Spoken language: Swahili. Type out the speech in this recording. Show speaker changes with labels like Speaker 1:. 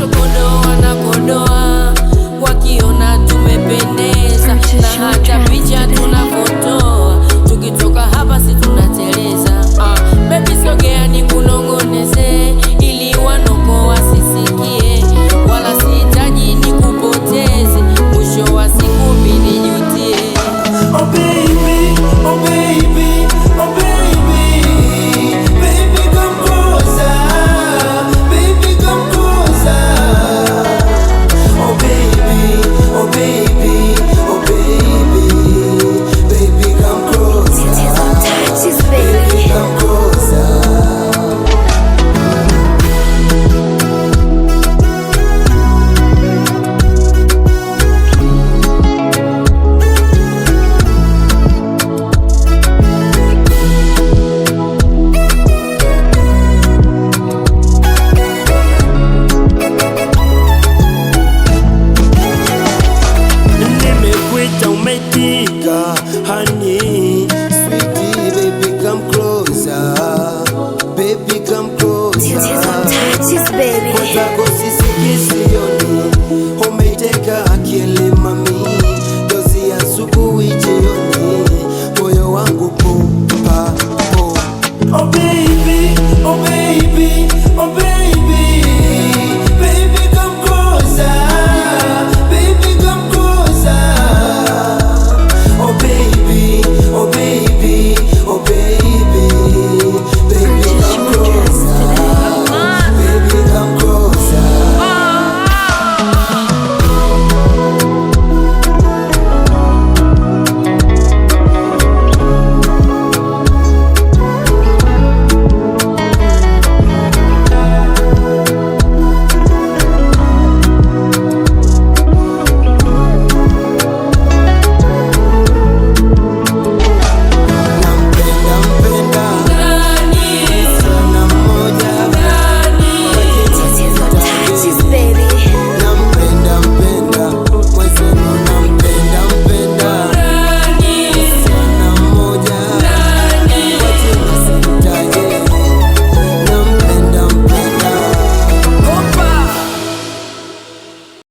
Speaker 1: wanachokodoa na kodoa, wakiona tumependeza na hata picha me.